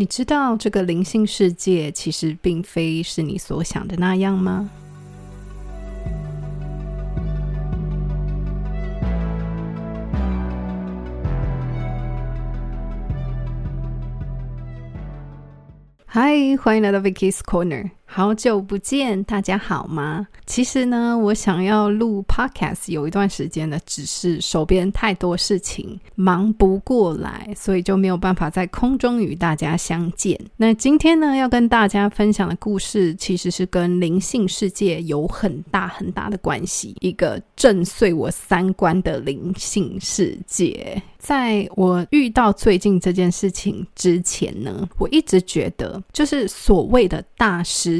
你知道這個靈性世界其實並非是你所想的那樣嗎？Hi，歡迎來到 Vicky's Corner。好久不見，大家好嗎？其實呢，我想要錄 podcast 有一段時間呢，只是手邊太多事情，忙不過來，所以就沒有辦法在空中與大家相見。那今天呢，要跟大家分享的故事，其實是跟靈性世界有很大很大的關係，一個震碎我三觀的靈性世界。在我遇到最近這件事情之前呢，我一直覺得，就是所謂的大師。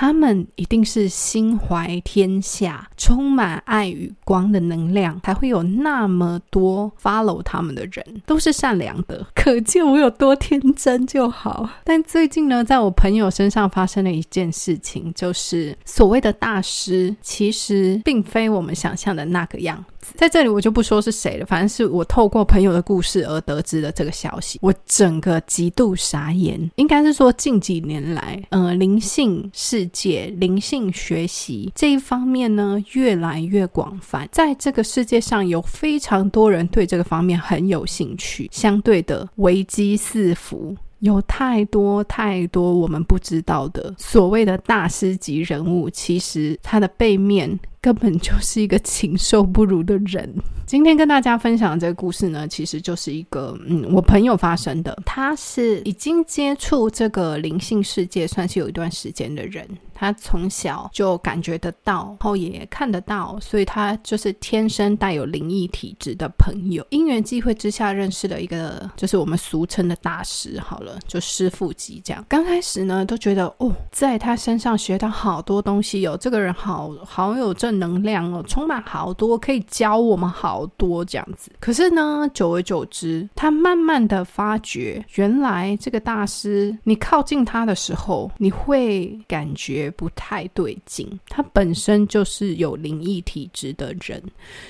他們一定是心懷天下，充滿愛與光的能量，才會有那麼多 follow 他們的人，都是善良的。可見我有多天真就好。但最近呢，在我朋友身上發生了一件事情，就是所謂的大師，其實並非我們想象的那個樣子。在這裡我就不說是誰了，反正是我透過朋友的故事而得知的這個消息，我整個極度傻眼。應該是說近幾年來，呃，靈性世界，解靈性學習這一方面呢，越來越廣泛。在這個世界上，有非常多人對這個方面很有興趣，相對的危機四伏。有太多太多我們不知道的所謂的大師級人物，其實他的背面根本就是一個禽獸不如的人。今天跟大家分享這個故事呢，其實就是一個嗯，我朋友發生的，他是已經接觸這個靈性世界，算是有一段時間的人。他從小就感覺得到，然後也看得到，所以他就是天生帶有靈異體質的朋友。因緣際會之下認識了一個，就是我們俗稱的大師，好了，就師傅級這樣。剛開始呢，都覺得哦，在他身上學到好多東西哦，這個人好好有正能量哦，充滿好多，可以教我們好多這樣子。可是呢，久而久之，他慢慢的發覺，原來這個大師，你靠近他的時候，你會感覺。不太對勁。他本身就是有靈異體質的人，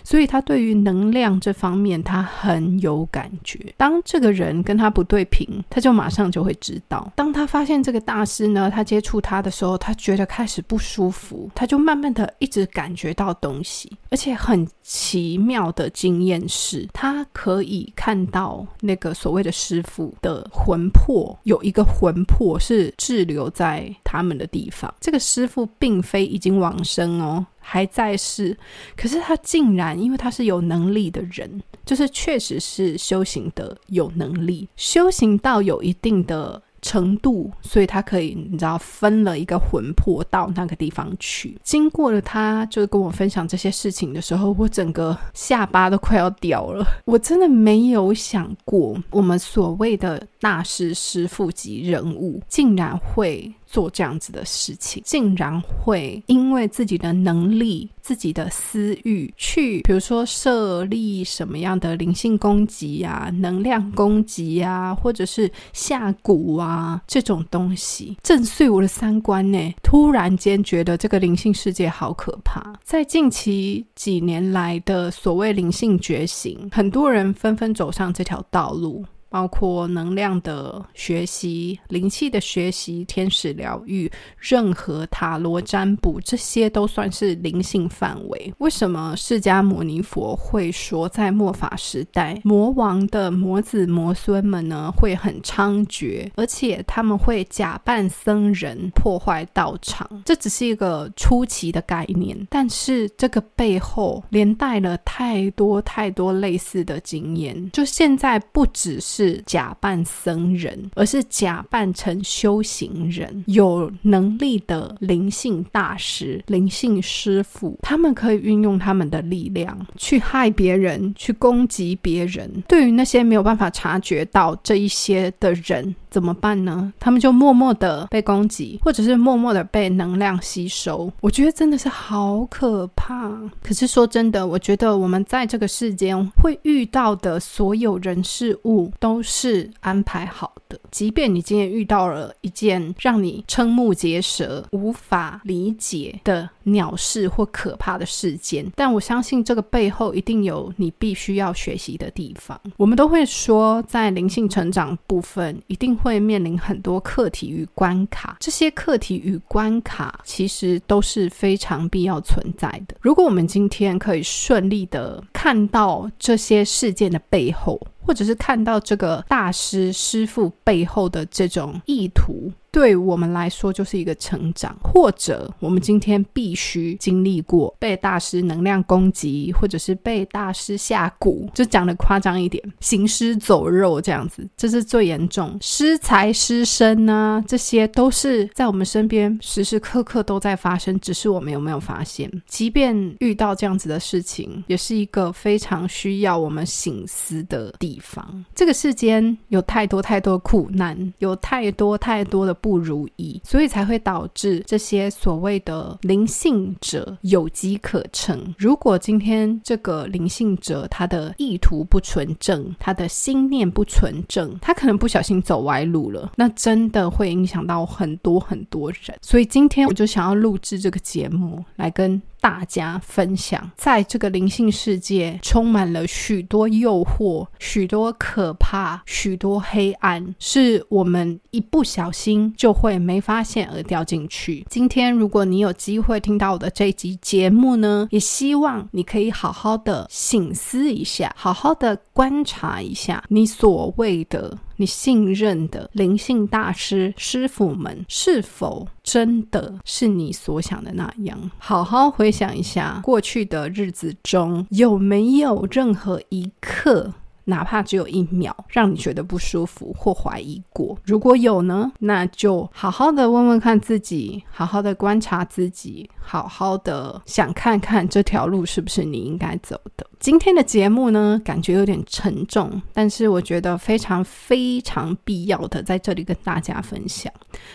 所以他對於能量這方面他很有感覺。當這個人跟他不對頻，他就馬上就會知道。當他發現這個大師呢，他接觸他的時候，他覺得開始不舒服，他就慢慢的一直感覺到東西，而且很奇妙的經驗是，他可以看到那個所謂的師傅的魂魄，有一個魂魄是滯留在他們的地方。這個師父並非已經往生哦，還在世。可是他竟然，因為他是有能力的人，就是確實是修行的有能力，修行到有一定的。程度，所以他可以，你知道，分了一個魂魄到那個地方去。經過了他就是跟我分享這些事情的時候，我整個下巴都快要掉了。我真的沒有想過，我們所謂的大師、師傅級人物，竟然會做這樣子的事情，竟然會因為自己的能力、自己的私慾，去比如說設立什麼樣的靈性攻擊呀、啊、能量攻擊啊，或者是下蠱啊。啊，這種東西震碎我的三觀呢，突然間覺得這個靈性世界好可怕。在近期幾年來的所謂靈性覺醒，很多人紛紛走上這條道路。包括能量的學習、靈氣的學習、天使療癒、任何塔羅占卜，這些都算是靈性範圍。為什麼釋迦牟尼佛會說，在末法時代，魔王的魔子魔孫們呢會很猖獗，而且他們會假扮僧人破壞道場？這只是一個初期的概念，但是這個背後連帶了太多太多類似的經驗。就現在不只是。是假扮僧人，而是假扮成修行人、有能力的靈性大師、靈性師傅，他們可以運用他們的力量去害別人、去攻擊別人。對於那些沒有辦法察覺到這一些的人，怎麼辦呢？他們就默默的被攻擊，或者是默默的被能量吸收。我覺得真的是好可怕。可是說真的，我覺得我們在這個世間會遇到的所有人事物都是安排好。即便你今天遇到了一件讓你瞠目結舌、無法理解的鳥事或可怕的事件，但我相信這個背後一定有你必須要學習的地方。我們都會說，在靈性成長部分，一定會面臨很多課題與關卡。這些課題與關卡其實都是非常必要存在的。如果我們今天可以順利的看到這些事件的背後，或者是看到這個大師師傅背後的這種意圖。對我們來說就是一個成長，或者我們今天必須經歷過被大師能量攻擊，或者是被大師下蠱，就講得誇張一點，行屍走肉這樣子，這是最嚴重。失財失身啊，這些都是在我們身邊時時刻刻都在發生，只是我們有沒有發現？即便遇到這樣子的事情，也是一個非常需要我們省思的地方。這個世間有太多太多的苦難，有太多太多的。不如意，所以才會導致這些所謂的靈性者有機可乘。如果今天這個靈性者他的意圖不純正，他的心念不純正，他可能不小心走歪路了，那真的會影響到很多很多人。所以今天我就想要錄制這個節目來跟。大家分享，在這個靈性世界，充滿了許多誘惑、許多可怕、許多黑暗，是我們一不小心就會沒發現而掉進去。今天，如果你有機會聽到我的這一集節目呢，也希望你可以好好的省思一下，好好的觀察一下你所謂的。你信任的靈性大師、師父們，是否真的是你所想的那樣？好好回想一下，過去的日子中有沒有任何一刻，哪怕只有一秒，讓你覺得不舒服或懷疑過？如果有呢，那就好好的問問看自己，好好的觀察自己，好好的想看看這條路是不是你應該走的。今天的節目呢，感覺有點沉重，但是我覺得非常非常必要的在這裡跟大家分享，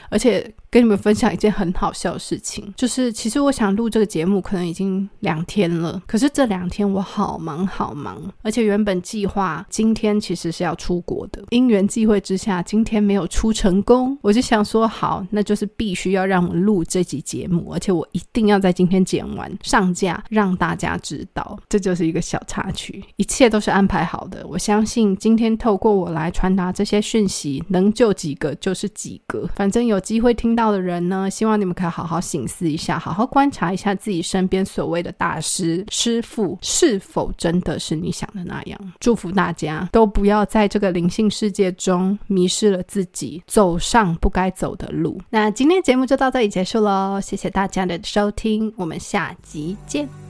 而且跟你們分享一件很好笑的事情，就是其實我想錄這個節目可能已經兩天了，可是這兩天我好忙好忙，而且原本計劃今天其實是要出國的，因緣際會之下今天沒有出成功，我就想說好，那就是必須要讓我錄這集節目，而且我一定要在今天剪完上架讓大家知道，這就是一個。小插曲，一切都是安排好的。我相信今天透過我來傳達這些訊息，能救幾個就是幾個。反正有機會聽到的人呢，希望你們可以好好省思一下，好好觀察一下自己身邊所謂的大師、師父是否真的是你想的那樣。祝福大家都不要在這個靈性世界中迷失了自己，走上不該走的路。那今天節目就到這裡結束嘍，謝謝大家的收聽，我們下集見。